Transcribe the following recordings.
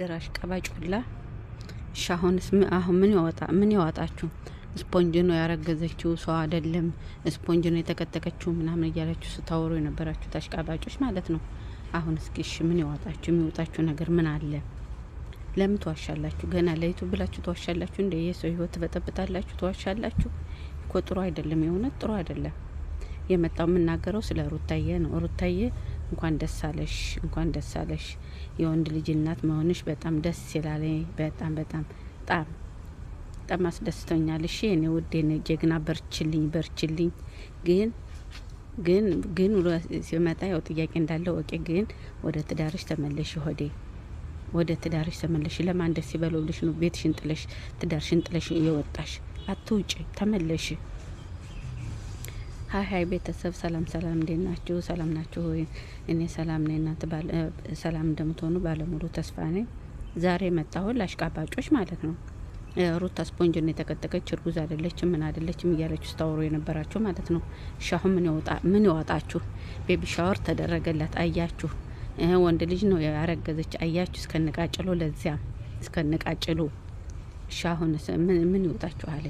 ደራሽ ቀባጭ ሁላ እሺ፣ አሁንስ አሁን ምን ያወጣ ምን ያወጣችሁ? ስፖንጅ ነው ያረገዘችው ሰው አይደለም፣ ስፖንጅ ነው የተቀጠቀችው ምናምን እያላችሁ ስታወሩ የነበራችሁ አሽቃባጮች ማለት ነው። አሁን እስኪ እሺ፣ ምን ያወጣችሁ? የሚወጣችሁ ነገር ምን አለ? ለምን ተዋሻላችሁ? ገና ለይቱ ብላችሁ ተዋሻላችሁ። እንደ የሰው ህይወት ትበጠብጣላችሁ፣ ተዋሻላችሁ እኮ ጥሩ አይደለም። የእውነት ጥሩ አይደለም። የመጣው የምናገረው ስለ ሩታዬ ነው። ሩታዬ እንኳን ደስ አለሽ፣ እንኳን ደስ አለሽ። የወንድ ልጅ እናት መሆንሽ በጣም ደስ ይላል። በጣም በጣም ጣም በጣም አስደስቶኛል። እሺ እኔ ውድ እኔ ጀግና በርችልኝ፣ በርችልኝ። ግን ግን ግን ውሎ ሲመጣ ያው ጥያቄ እንዳለው ወቂ። ግን ወደ ትዳርሽ ተመለሽ ሆዴ ወደ ትዳርሽ ተመለሽ። ለማን ደስ ይበለው ይበለውልሽ ነው ቤትሽን ጥለሽ ትዳርሽን ጥለሽ የወጣሽ አትውጭ፣ ተመለሽ። ሀይ ሀይ ቤተሰብ ሰላም ሰላም፣ እንዴት ናችሁ? ሰላም ናችሁ እኔ ሰላም ነኝ። እናንተ ሰላም እንደምትሆኑ ባለሙሉ ተስፋ ነኝ። ዛሬ መጣሁን ለአሽቃባጮች ማለት ነው። ሩታ ስፖንጅ ነው የተቀጠቀች፣ እርጉዝ አይደለችም፣ ምን አይደለችም እያለች ስታወሩ የነበራችሁ ማለት ነው። ሻሁ ምን ይወጣችሁ? ቤቢ ሻወር ተደረገላት አያችሁ? ወንድ ልጅ ነው ያረገዘች አያችሁ? እስከንቃጭሎ ለዚያም እስከንቃጭሎ ሻሁን ምን ይወጣችኋል?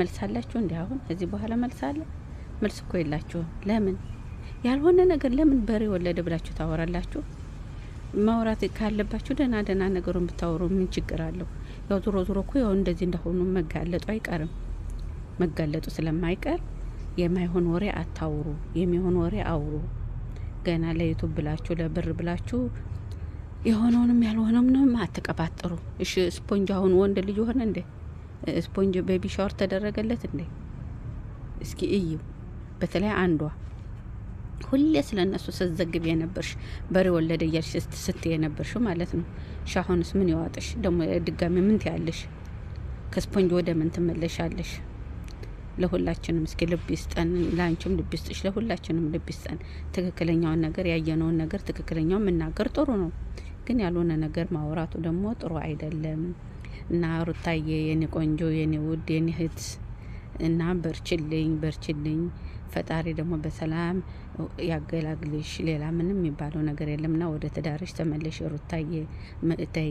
መልሳላችሁ እንዲ አሁን እዚህ በኋላ መልሳለ መልስ እኮ የላችሁም። ለምን ያልሆነ ነገር ለምን በሬ ወለደ ብላችሁ ታወራላችሁ? ማውራት ካለባችሁ ደህና ደህና ነገሩ ብታወሩ ምን ችግር አለው? ያው ዞሮ ዞሮ እኮ ያው እንደዚህ እንደሆኑ መጋለጡ አይቀርም። መጋለጡ ስለማይቀር የማይሆን ወሬ አታውሩ፣ የሚሆን ወሬ አውሩ። ገና ለዩቱብ ብላችሁ ለብር ብላችሁ የሆነውንም ያልሆነውንም አትቀባጥሩ። እሺ ስፖንጅ አሁን ወንድ ልጅ ሆነ እንዴ? ስፖንጅ ቤቢ ሻወር ተደረገለት እንዴ? እስኪ እዩ። በተለይ አንዷ ሁሌ ስለ እነሱ ስትዘግብ የነበርሽ በሬ ወለደ እያልሽ ስት የነበርሽ ማለት ነው። ሻሁንስ ምን ይዋጥሽ ደግሞ ድጋሚ ምን ትያለሽ? ከስፖንጅ ወደ ምን ትመለሻለሽ? ለሁላችንም እስኪ ልብ ይስጠን። ለአንቺም ልብ ይስጥሽ፣ ለሁላችንም ልብ ይስጠን። ትክክለኛውን ነገር ያየነውን ነገር ትክክለኛው የምናገር ጥሩ ነው፣ ግን ያልሆነ ነገር ማውራቱ ደግሞ ጥሩ አይደለም እና ሩታዬ የኔ ቆንጆ የኔ ውድ የኔ እህት እና በርችልኝ በርችልኝ ፈጣሪ ደግሞ በሰላም ያገላግልሽ። ሌላ ምንም የሚባለው ነገር የለምና ወደ ትዳርሽ ተመለሽ ሩታዬ።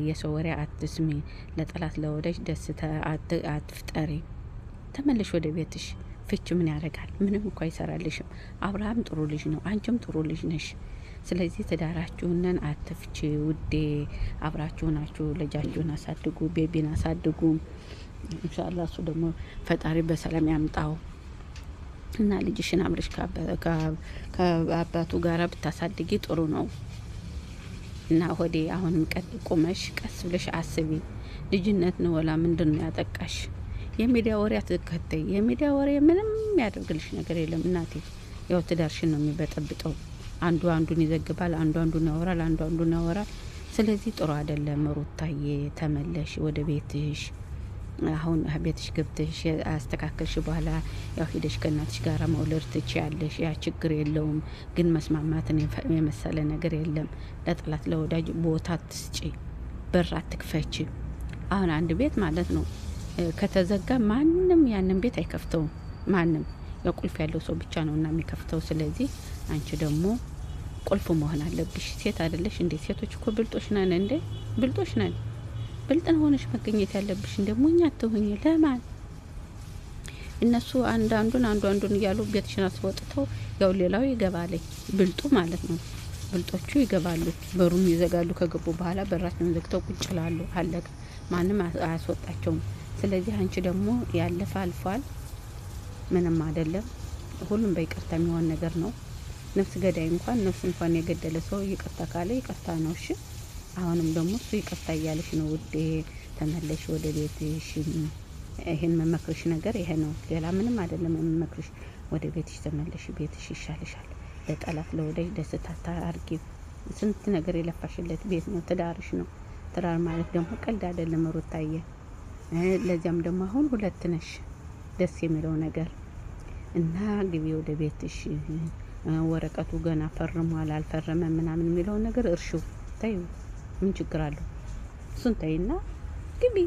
የሰው ወሬ አትስሚ፣ ለጠላት ለወደች ደስታ አትፍጠሪ። ተመለሽ ወደ ቤትሽ። ፍች ምን ያደርጋል? ምንም እኳ አይሰራልሽም። አብርሃም ጥሩ ልጅ ነው፣ አንቺም ጥሩ ልጅ ነሽ። ስለዚህ ትዳራችሁንን አትፍች ውዴ። አብራችሁ ናችሁ፣ ልጃችሁን አሳድጉ፣ ቤቢን አሳድጉ። እንሻላ እሱ ደግሞ ፈጣሪ በሰላም ያምጣው እና ልጅሽን አብረሽ ከአባቱ ጋራ ብታሳድጊ ጥሩ ነው። እና ሆዴ አሁንም ቀጥ ቁመሽ ቀስ ብለሽ አስቢ። ልጅነት ንወላ ወላ ምንድን ነው ያጠቃሽ? የሚዲያ ወሬ አትከተይ። የሚዲያ ወሬ ምንም ያደርግልሽ ነገር የለም እናቴ። ያው ትዳርሽን ነው የሚበጠብጠው። አንዱ አንዱን ይዘግባል፣ አንዱ አንዱን ያወራል፣ አንዱ አንዱን ያወራል። ስለዚህ ጥሩ አይደለም። ሩታዬ ተመለሽ ወደ ቤትሽ። አሁን ቤትሽ ገብተሽ አስተካከልሽ በኋላ ያው ሂደሽ ከእናትሽ ጋር መውለድ ትችያለሽ። ያ ችግር የለውም። ግን መስማማትን የመሰለ ነገር የለም። ለጠላት ለወዳጅ ቦታ ትስጪ፣ በር አትክፈች። አሁን አንድ ቤት ማለት ነው ከተዘጋ ማንም ያንን ቤት አይከፍተውም። ማንም ቁልፍ ያለው ሰው ብቻ ነው እና የሚከፍተው። ስለዚህ አንቺ ደግሞ ቁልፍ መሆን አለብሽ። ሴት አይደለሽ እንዴ? ሴቶች እኮ ብልጦች ነን እንዴ? ብልጦች ነን። ብልጥን ሆነሽ መገኘት ያለብሽ። ደግሞ እኛ አትሆኝ ለማን እነሱ አንድ አንዱን አንዱ አንዱን እያሉ ቤትሽን አስወጥተው ያው ሌላው ይገባለኝ፣ ብልጡ ማለት ነው። ብልጦቹ ይገባሉ፣ በሩን ይዘጋሉ። ከገቡ በኋላ በራቸውን ዘግተው ቁጭ ይላሉ። አለቀ። ማንም አያስወጣቸውም። ስለዚህ አንቺ ደግሞ ያለፈ አልፏል፣ ምንም አይደለም። ሁሉም በይቅርታ የሚሆን ነገር ነው። ነፍስ ገዳይ እንኳን ነፍስ እንኳን የገደለ ሰው ይቅርታ ካለ ይቅርታ ነው። እሺ አሁንም ደግሞ እሱ ይቅርታ እያለሽ ነው ውዴ፣ ተመለሽ ወደ ቤትሽ። ይህን መመክርሽ ነገር ይሄ ነው፣ ሌላ ምንም አይደለም። መመክርሽ ወደ ቤትሽ ተመለሽ፣ ቤትሽ ይሻልሻል። ለጠላት ለወዳጅ ደስታ ታርጊ። ስንት ነገር የለፋሽለት ቤት ነው፣ ትዳርሽ ነው። ትዳር ማለት ደግሞ ቀልድ አይደለም ሩታዬ። ለዚያም ደግሞ አሁን ሁለት ነሽ። ደስ የሚለው ነገር እና ግቢ ወደ ቤትሽ። ወረቀቱ ገና ፈርሟል አልፈረመ ምናምን የሚለውን ነገር እርሹ ተይው። ምን ችግር አለው? እሱን ተይና ግቢ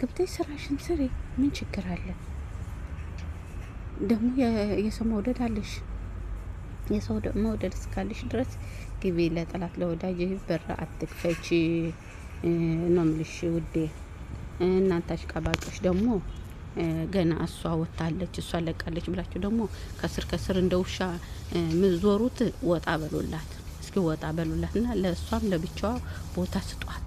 ገብተሽ ስራሽን ስሪ። ምን ችግር አለ? ደግሞ የሰው መውደድ አለሽ። የሰው መውደድ እስካለሽ ድረስ ግቢ። ለጠላት ለወዳጅ በር አትክፈች ነው የምልሽ ውዴ። እናንተ አሽቃባጮች ደግሞ ገና እሷ ወታለች እሷ ለቃለች ብላችሁ ደግሞ ከስር ከስር እንደ ውሻ ምዞሩት ወጣ በሉላት። እስኪ ወጣ በሉላትና ለእሷም ለብቻዋ ቦታ ስጧት።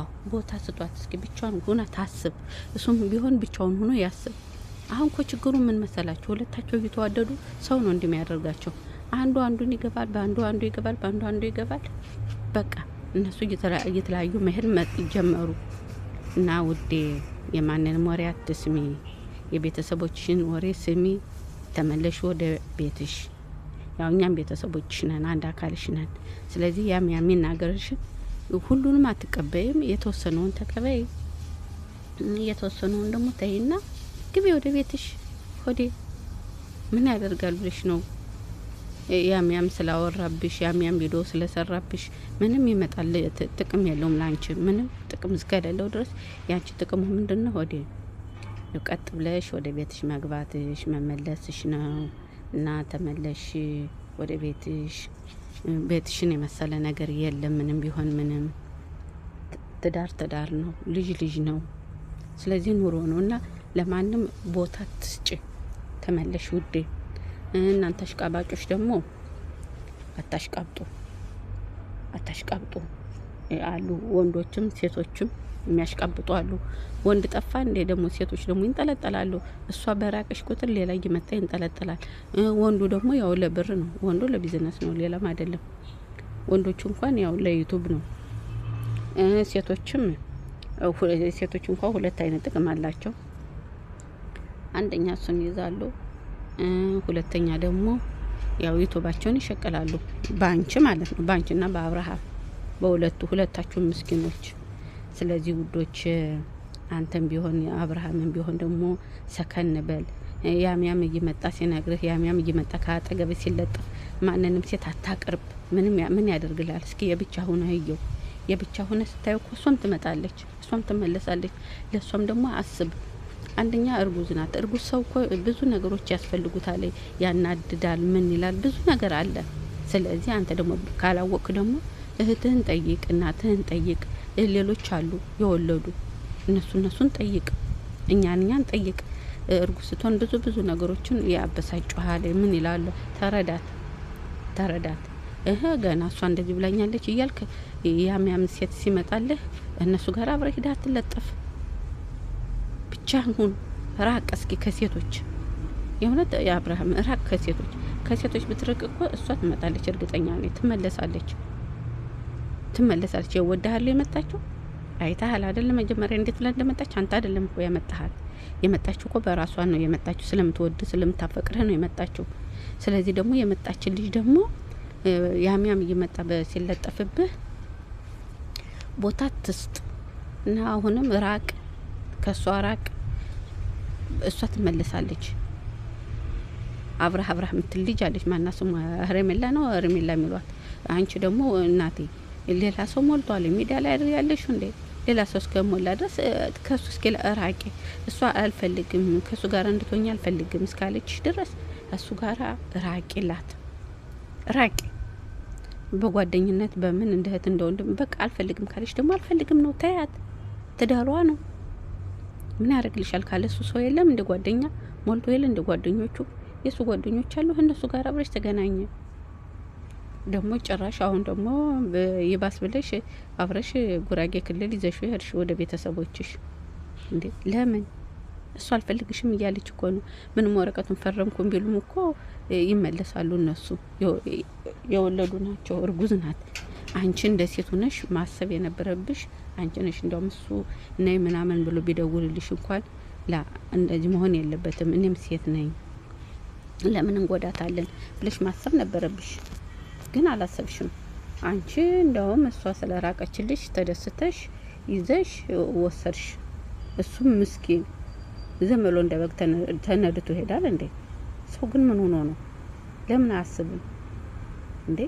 አዎ ቦታ ስጧት። እስኪ ብቻዋን ሆና ታስብ። እሱም ቢሆን ብቻውን ሆኖ ያስብ። አሁን ኮ ችግሩ ምን መሰላቸው ሁለታቸው እየተዋደዱ ሰው ነው እንደሚያደርጋቸው። አንዱ አንዱን ይገባል፣ በአንዱ አንዱ ይገባል፣ በአንዱ አንዱ ይገባል። በቃ እነሱ እየተለያዩ መሄድ ጀመሩ። እና ውዴ የማንንም ወሬ አትስሚ፣ የቤተሰቦችሽን ወሬ ስሚ፣ ተመለሽ ወደ ቤትሽ። ያው እኛም ቤተሰቦች ነን፣ አንድ አካልሽ ነን። ስለዚህ ያም የሚናገርሽ ሁሉንም አትቀበይም፣ የተወሰነውን ተቀበይ፣ የተወሰነውን ደግሞ ተይና ግቢ ወደ ቤትሽ። ሆዴ ምን ያደርጋል ብለሽ ነው ያም ያም ስላወራብሽ ያም ያም ቪዲዮ ስለሰራብሽ ምንም ይመጣል ጥቅም የለውም ለአንቺ ምንም ጥቅም እስከሌለው ድረስ ያንቺ ጥቅሙ ምንድን ነው? ሆዴ ቀጥ ብለሽ ወደ ቤትሽ መግባትሽ መመለስሽ ነው። እና ተመለሽ ወደ ቤትሽ። ቤትሽን የመሰለ ነገር የለም። ምንም ቢሆን ምንም ትዳር ትዳር ነው፣ ልጅ ልጅ ነው። ስለዚህ ኑሮ ነው እና ለማንም ቦታ ትስጭ። ተመለሽ ውዴ። እናንተ አሽቃባጮች ደግሞ አታሽቃብጡ፣ አታሽቃብጡ አሉ ወንዶችም ሴቶችም የሚያሽቃብጡ አሉ። ወንድ ጠፋ እንዴ ደግሞ ሴቶች ደግሞ ይንጠለጠላሉ። እሷ በራቀሽ ቁጥር ሌላ እየመጣ ይንጠለጠላል። ወንዱ ደግሞ ያው ለብር ነው፣ ወንዱ ለቢዝነስ ነው፣ ሌላም አይደለም። ወንዶቹ እንኳን ያው ለዩቱብ ነው። ሴቶችም ሴቶች እንኳን ሁለት አይነት ጥቅም አላቸው። አንደኛ እሱን ይዛሉ፣ ሁለተኛ ደግሞ ያው ዩቱባቸውን ይሸቅላሉ። በአንቺ ማለት ነው በአንቺና በአብርሃም በሁለቱ ሁለታችሁ ምስኪኖች ስለዚህ ውዶች አንተም ቢሆን አብርሃምም ቢሆን ደግሞ ሰከን በል። ያምያም እየመጣ ሲነግርህ ያምያም እየመጣ ከአጠገብ ሲለጥፍ ማንንም ሴት አታቅርብ። ምንም ምን ያደርግላል እስኪ የብቻ ሁነ እየው የብቻ ሁነ ስታየው እኮ እሷም ትመጣለች፣ እሷም ትመለሳለች። ለእሷም ደግሞ አስብ። አንደኛ እርጉዝ ናት። እርጉዝ ሰው እኮ ብዙ ነገሮች ያስፈልጉታል። ያናድዳል፣ ምን ይላል፣ ብዙ ነገር አለ። ስለዚህ አንተ ደግሞ ካላወቅ ደግሞ እህትህን ጠይቅ፣ እናትህን ጠይቅ ሌሎች አሉ የወለዱ እነሱ እነሱን ጠይቅ፣ እኛን እኛን ጠይቅ። እርጉስቶን ስትሆን ብዙ ብዙ ነገሮችን ያበሳጭሃል። ምን ይላሉ? ተረዳት ተረዳት። እህ ገና እሷ እንደዚህ ብላኛለች እያልክ ያም ያም ሴት ሲመጣልህ እነሱ ጋር አብረ ሂዳ አትለጠፍ። ብቻ ሁን፣ ራቅ እስኪ ከሴቶች የእውነት የአብርሃም ራቅ ከሴቶች ከሴቶች ብትርቅ እኮ እሷ ትመጣለች። እርግጠኛ ነኝ ትመለሳለች። ትመለሳለች። የወዳሃለሁ የመጣችው አይታሃል አይደለም? መጀመሪያ እንዴት ብላ እንደመጣች አንተ አይደለም እኮ ያመጣሃል። የመጣችው እኮ በራሷ ነው የመጣችው። ስለምትወድ ስለምታፈቅርህ ነው የመጣችው። ስለዚህ ደግሞ የመጣችን ልጅ ደግሞ ያሚያም እየመጣ ሲለጠፍብህ ቦታ ትስጥ እና አሁንም ራቅ፣ ከእሷ ራቅ። እሷ ትመለሳለች። አብረህ አብረህ የምትል ልጅ አለች። ማና ስሟ ነው ሬሜላ የሚሏት። አንቺ ደግሞ እናቴ ሌላ ሰው ሞልቷል። ሚዲያ ላይ አድር ያለሽ እንዴ ሌላ ሰው እስከሞላ ድረስ ከሱ እስኪ ራቂ። እሷ አልፈልግም ከሱ ጋር እንድትሆኝ አልፈልግም እስካለችሽ ድረስ እሱ ጋር ራቂላት፣ ራቂ በጓደኝነት በምን እንደ እህት እንደ ወንድም በቃ አልፈልግም ካለች ደግሞ አልፈልግም ነው ተያት። ትዳሯ ነው ምን ያደርግልሻል? ካለ እሱ ሰው የለም እንደ ጓደኛ ሞልቶ የለ እንደ ጓደኞቹ የእሱ ጓደኞች አሉ። እነሱ ጋር አብረሽ ተገናኘ። ደግሞ ጭራሽ አሁን ደግሞ ይባስ ብለሽ አብረሽ ጉራጌ ክልል ይዘሽ ሄድሽ ወደ ቤተሰቦችሽ። እንዴ ለምን እሱ አልፈልግሽም እያለች እኮ ነው። ምንም ወረቀቱን ፈረምኩም ቢሉም እኮ ይመለሳሉ እነሱ። የወለዱ ናቸው፣ እርጉዝ ናት። አንቺ እንደ ሴቱ ነሽ ማሰብ የነበረብሽ አንቺ ነሽ። እንደውም እሱ ነይ ምናምን ብሎ ቢደውልልሽ እንኳን ላ እንደዚህ መሆን የለበትም እኔም ሴት ነኝ ለምን እንጎዳታለን ብለሽ ማሰብ ነበረብሽ። ግን አላሰብሽም። አንቺ እንደውም እሷ ስለራቀችልሽ ተደስተሽ ይዘሽ ወሰድሽ። እሱም ምስኪን ዘመሎ እንደ በግ ተነድቶ ይሄዳል እንዴ? ሰው ግን ምን ሆኖ ነው? ለምን አያስብም እንዴ?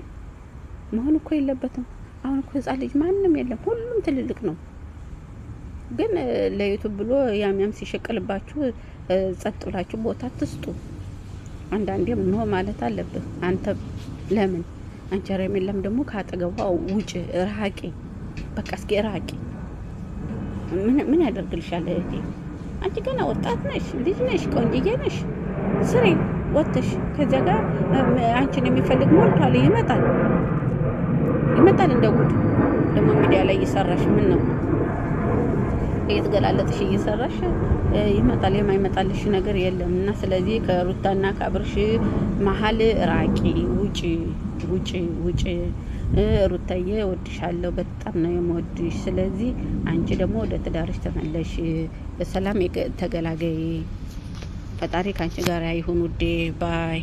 መሆን እኮ የለበትም። አሁን እኮ ህጻን ልጅ ማንም የለም፣ ሁሉም ትልልቅ ነው። ግን ለዩቱብ ብሎ ያም ሲሸቅልባችሁ ጸጥ ብላችሁ ቦታ ትስጡ። አንዳንዴም እንሆ ማለት አለብህ አንተ ለምን አንቺ የሚለም ደግሞ ከአጠገቧ ውጭ ራቂ። በቃ እስኪ ራቂ። ምን ያደርግልሻል እህቴ? አንቺ ገና ወጣት ነሽ፣ ልጅ ነሽ፣ ቆንጅዬ ነሽ። ስሬ ወጥሽ። ከዚያ ጋር አንቺን የሚፈልግ ሞልቷል። ይመጣል፣ ይመጣል እንደ ጉድ ደግሞ ሚዲያ ላይ እየሰራሽ ምን ነው እየተገላለጥሽ እየሰራሽ ይመጣል። የማይመጣልሽ ነገር የለም እና ስለዚህ ከሩታና ከአብርሽ መሀል ራቂ፣ ውጪ፣ ውጪ፣ ውጪ። ሩታዬ ወድሻለሁ፣ በጣም ነው የምወድሽ። ስለዚህ አንቺ ደግሞ ወደ ትዳርሽ ተመለሽ፣ በሰላም ተገላገይ። ፈጣሪ ከአንቺ ጋር ይሁን ውዴ። ባይ